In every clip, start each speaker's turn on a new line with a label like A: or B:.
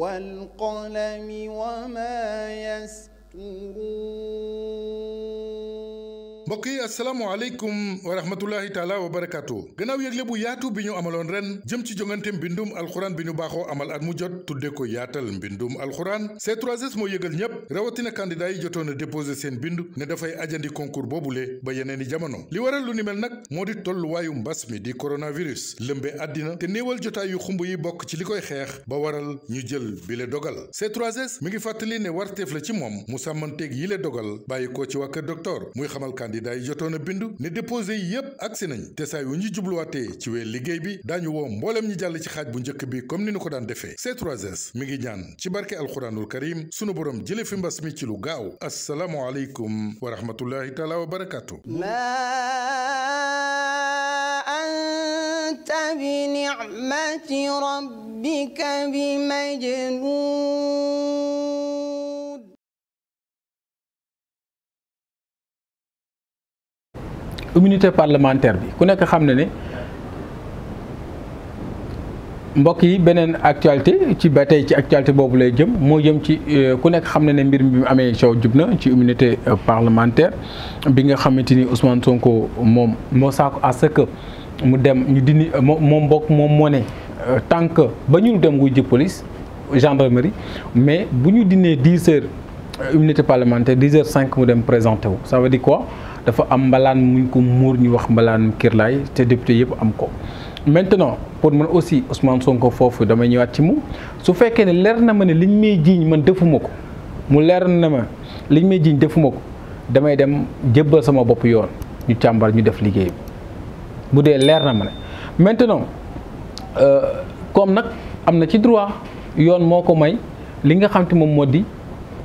A: والقلم وما يسطرون bokk yi asalaamaaleykum wa rahmatullahi taala wa barakaatu gannaaw yëgle bu yaatu bi ñu amaloon ren jëm ci jongante mbindum alxuraan bi ñu baaxoo amal at mu jot tudde ko yaatal mbindum alxuraan C3S moo yëgal ñépp rawatina candidat yi jotoon a déposé seen bind ne dafay ajandi boobu boobule ba yeneen yeneeni jamono li waral lu ni mel nag moo di tolluwaayu mbas mi di coronavirus lëmbe àddina te néewal jotaay yu xumb yi bokk ci li koy xeex ba waral ñu jël bile dogal C3S mi ngi fàttali ne warteef la ci moom mu sàmmanteeg yile dogal bàyyi ko ci waa kër docteur xamal candidat candidat yi jotoon a bindu ne déposé yépp agsi nañ te saa ñu jubluwaatee ci weer liggéey bi daañu woo mbooleem ñi jàll ci xaaj bu njëkk bi comme ni ñu ko daan defee C3S mi ngi ñaan ci barke alxuraanul karim sunu borom jële fi mbas mi ci lu gaaw assalaamu aleykum wa rahmatullahi wa barakaatu anta bi ni'mati rabbika bi majnun immunité parlementaire bi ku nekk xam na ne mbokk yi beneen actualité ci ba tey ci actualité boobu lay jëm moo jëm ci euh, ku nekk xam na ne mbir mi bi mu amee coow jub na ci immunité euh, parlementaire bi nga xamante ni Ousmane Sonko moom moo saako à ce mu dem ñu dindi euh, moom mbokk moom moo ne tant que ba ñu dem wuy ji police gendarmerie mais bu ñu dinee dix heures immunité parlementaire dix heures cinq mu dem présenté wu ça veut dire quoi dafa am mbalaan muñ ko muur ñu wax mbalaan kirlaay te député yëpp am ko maintenant pour man aussi Ousmane ko foofu damay ñëwaat ci mu su fekkee ne leer na ma ne liñ may jiiñ man defuma ko mu leer na ma liñ may jiiñ defuma ko damay dem jébbal sama bopp yoon ñu càmbar ñu def liggéey bi bu dee leer na ma ne maintenant euh, comme nag am na ci droit yoon moo ko may li nga xam te moom moo di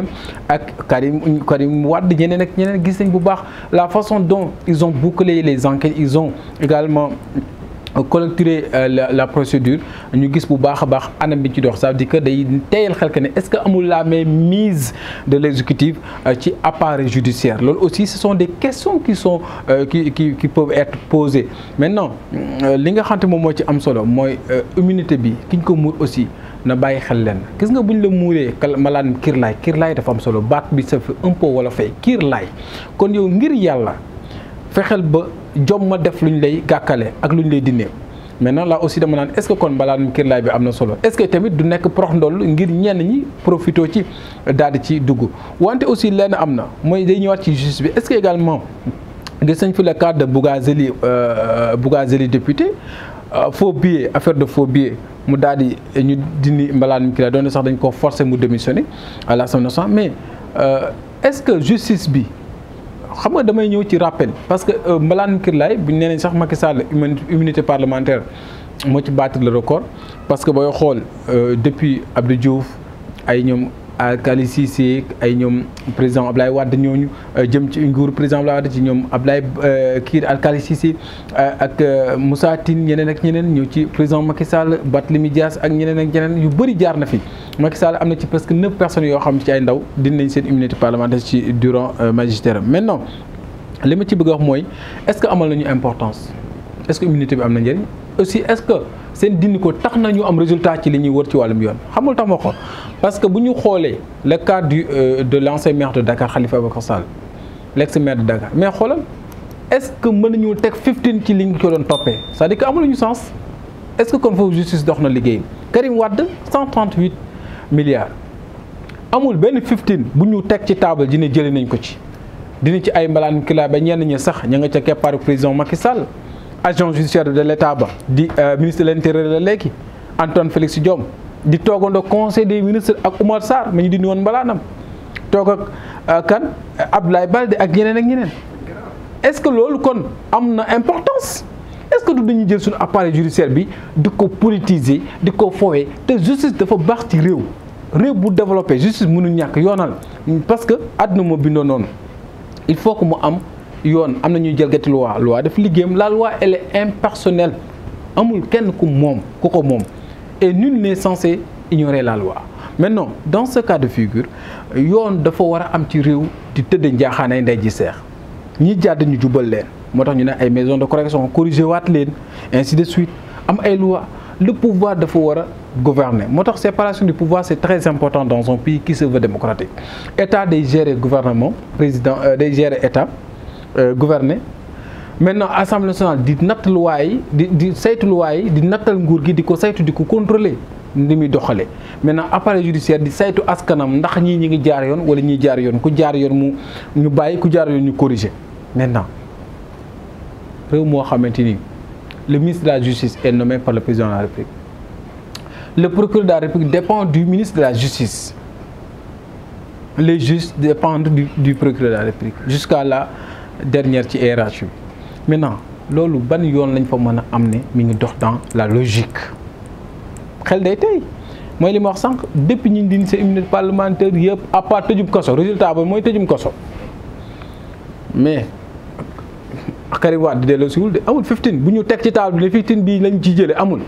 A: même ak Karim Karim Wade ñeneen ak ñeneen gis nañ bu baax la façon dont ils ont bouclé les enquêtes ils ont également euh, collecturer euh, la la procédure ñu gis bu baax a baax anam bi ci dox ça veut dire que day teyal xel que ne est-ce que amul la mainmise de l'exécutif euh, ci appareil judiciaire loolu aussi ce sont des questions qui sont qui qui qui peuvent être posées maintenant li nga xamante moom moo ci am solo mooy immunité bi ki ñu ko muur aussi. na bàyyi xel leen gis nga buñ la muuree malaan kiirlaay kiirlaay dafa am solo baat bi sa fi impôt wala fay kiirlaay kon yow ngir yàlla fexeel ba jom ma def luñ lay gàkkale ak lu ñu lay mais maintenant laa aussi dama naan est-ce que kon mbalaanum kiirlaay bi am na solo est-ce que tamit du nekk prox ndoll ngir ñeen ñi profito ci daal di ci dugg wante aussi lenn am na mooy day ñëwaat ci justice bi est-ce que également gis nañ fi le cas de Bougazeli euh, Bougazeli député faux euh, billet affaire de faux billet mu daal di eh, ñu dindi mbalaan mi ki la doon sax dañ ko forcer mu démissionner à l'Assemblée nationale mais euh, est-ce que justice bi xam nga damay ñëw ci rappel parce que euh, Mbalane Kirlaay bu ñu nee nañ sax Macky Sall immunité parlementaire moo ci battre le record parce que booy xool depuis Abdou Diouf ay ñoom Alkali Cissé ay ñoom président Ablaye Wade ñooñu euh, jëm ci nguur président Ablaye Wade ci ñoom Ablaye euh, kii Alkali Cissé euh, ak Moussa Tine ñeneen ak ñeneen ñëw ci président Macky Sall Barthélémy Dias ak ñeneen ak ñeneen yu bëri jaar na fi Macky Sall am na ci presque neuf personnes yoo xam ci ay ndaw dinañ seen immunité parlementaire ci durant magistère maintenant li ma ci bëgg wax mooy est-ce que amal nañu importance est-ce que immunité bi am na njëriñ aussi est-ce que seen dindi ko tax nañu am résultat ci li ñuy wër ci wàllum yoon xamul tax ma ko parce que bu ñu xoolee le cas du euh, de l' ancien maire de Dakar Khalifa Ababacar Sall l' ex maire de Dakar mais xoolal est ce que mën nañu teg 15 ci li ñu ko doon toppee c' est à dire que amul ñu sens est ce que kon foofu justice dox na liggéeyam Karim Wade milliards amul benn 15 bu ñu teg ci taabal ji ne jëlee nañ ko ci. dina ci ay mbalaan ki ba ñenn ñi sax ña nga ca keppaaru président Macky Sall agent judiciaire de l'état ba di euh, ministre de la léegi Antoine Félix Diome di toogandoo conseil des ministres ak Oumar Sarr ma ñu dindi woon mbalaanam toog ak euh, kan Abdoulaye Balde ak yeneen ak ñeneen est-ce que loolu kon am na importance est-ce du dañuy jël suñu appareil judiciaire bi di ko politiser di ko fowee te justice dafa baax ci réew réew bu développé justice mënu ñàkk yoonal parce que àdduna moo bindoo noonu il faut que mu am. yoon am na ñuy jalgati loi loi daf liggéeyam la loi elle est impersonnelle amul kenn ku moom ku ko moom et nul n'est censé ignorer la loi maintenant dans ce cas de figure yoon dafa war a am ci réew di tëdd njaaxaanay ndey ji seex ñi jàdd ñu jubal leen moo tax ñu ne ay maison de correction corrigé waat leen ainsi de suite am ay loi le pouvoir dafa war a gouverner moo tax séparation du pouvoir c'est très important dans un pays qui se veut démocratique état président euh, day gérer état Euh, gouverner maintenant assemblée nationale di natt luwaa yi di di saytu luwaa yi di nattal nguur gi di ko saytu di ko contrôler ni muy doxale maintenant appareil judiciaire di saytu askanam ndax ñii ñi ngi jaar yoon wala ñii jaar yoon ku jaar yoon mu ñu bàyyi ku jaar yoon ñu corriger maintenant réew moo xamante ni le ministre de la justice est nommé par le président de la république le procureur de la république dépend du ministre de la justice les juges dépendent du, du procureur de la dernière ci RH bi maintenant loolu ban yoon lañ fa mën a am ni mi ngi dox dans la logique xel day tey mooy li ma wax sànq depuis ñu dindi sa immunité parlementaire yëpp à part tëjub kaso résultat ba mooy tëjum kaso mais Karim Wade di delloo siwul de amul bu ñu teg ci taal bi ne 15 bii lañ ci jëlee amul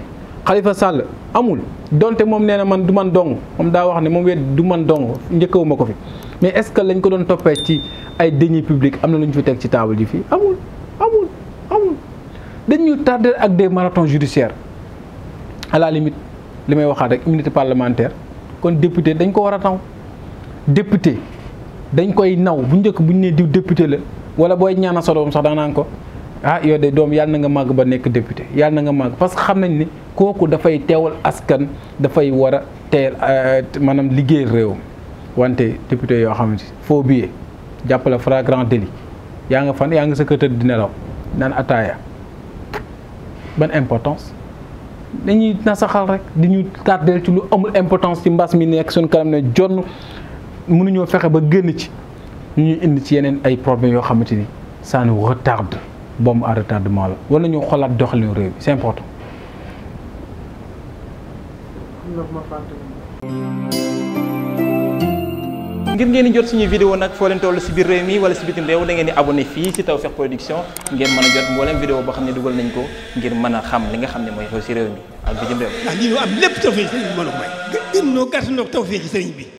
A: xalifa Sall amul donte moom nee na man du man dong moom daa wax ne moom wet du man dong njëkkawuma ko fi mais est-ce que lañ ko doon toppee ci ay deniers publics am na lu ñu fi teg ci taabal ji fii amul amul amul dañu tardé ak des marathons judiciaires à la limite li may waxaat rek immunité parlementaire kon député dañ ko war a taw député dañ koy naw bu njëkk bu ñu nee diw député la wala booy ñaana soloom sax daan naan ko ah yow de doom yàlla na nga màgg ba nekk député yàlla na nga màgg parce que xam nañ ni kooku dafay teewal askan dafay war a teel euh, maanaam liggéey réewam wante député yoo xamante faux billet jàppale flagrant délit yaa nga fan yaa nga sa di nelaw naan ataaya importance dañuy nasaxal rek di ñu tardeel ci lu amul importance ci mbas mi nekk suñu kanam ne jonn mënuñoo fexe ba génn ci ñu ñuy indi ci yeneen ay problèmes yoo xamante ni ça nous retarde bombe à la war nañu xolaat doxalinu réew mi c'est important. ngir ngeen di jot suñu vidéo nag foo leen toll si biir réew mi wala si bitim réew da ngeen di abonné fii si Tawfekh Production ngeen mën a jot mboolem vidéo boo xam ne dugal nañ ko ngir mën a xam li nga xam ne mooy xew si réew mi ak bitim réew. ndax lii am lépp Tawfekh sëriñ bi mën a may. sëriñ bi.